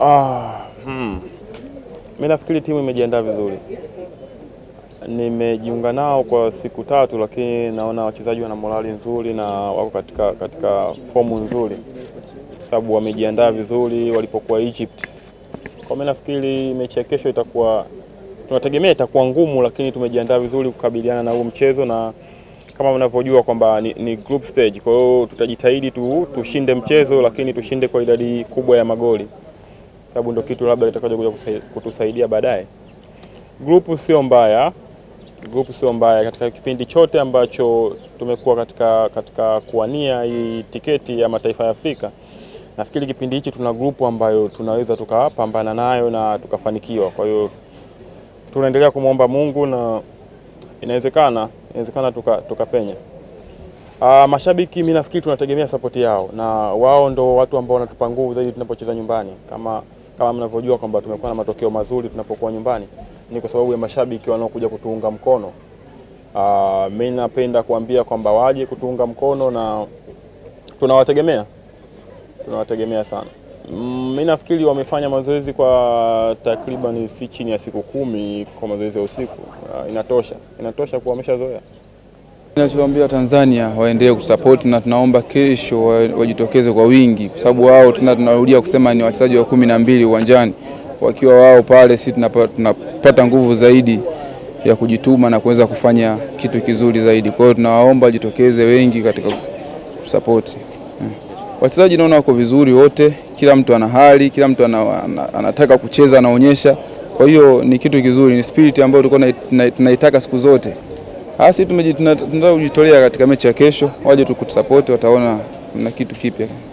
Ah, hmm. Mimi nafikiri timu imejiandaa vizuri. Nimejiunga nao kwa siku tatu, lakini naona wachezaji wana morali nzuri na wako katika, katika fomu nzuri, sababu wamejiandaa vizuri walipokuwa Egypt. Kwa mimi nafikiri mechi ya kesho itakuwa tunategemea itakuwa ngumu, lakini tumejiandaa vizuri kukabiliana na huo mchezo na kama mnavyojua kwamba ni, ni group stage. Kwa hiyo tutajitahidi tu, tushinde mchezo, lakini tushinde kwa idadi kubwa ya magoli sababu ndio kitu labda kuja kutusaidia baadaye. Grupu sio mbaya, grupu sio mbaya katika kipindi chote ambacho tumekuwa katika, katika kuwania hii tiketi ya mataifa ya Afrika. Nafikiri kipindi hichi tuna grupu ambayo tunaweza tukapambana nayo na tukafanikiwa. Kwa hiyo tunaendelea kumwomba Mungu na inawezekana inawezekana tukapenya. Tuka uh, mashabiki mimi nafikiri tunategemea sapoti yao, na wao ndo watu ambao wanatupa nguvu zaidi tunapocheza nyumbani kama kama mnavyojua kwamba tumekuwa na matokeo mazuri tunapokuwa nyumbani, ni kwa sababu ya mashabiki wanaokuja kutuunga mkono. Uh, mi napenda kuambia kwamba waje kutuunga mkono na tunawategemea, tunawategemea sana. Mm, mi nafikiri wamefanya mazoezi kwa takriban si chini ya siku kumi kwa mazoezi ya usiku. Uh, inatosha, inatosha kuwa wameshazoea. Tunachoambia Tanzania waendelee kusapoti na tunaomba kesho wajitokeze kwa wingi, kwa sababu wao tena tunarudia kusema ni wachezaji wa kumi na mbili uwanjani. Wakiwa wao pale, sisi tunapata nguvu zaidi ya kujituma na kuweza kufanya kitu kizuri zaidi. Kwa hiyo tunawaomba wajitokeze wengi katika kusapoti hmm. wachezaji. Naona wako vizuri wote, kila mtu ana hali, kila mtu anataka kucheza, anaonyesha. Kwa hiyo ni kitu kizuri, ni spirit ambayo tulikuwa tunaitaka siku zote. Asi ah, tunataka kujitolea katika mechi ya kesho, waje tukutusapoti, wataona na kitu kipya.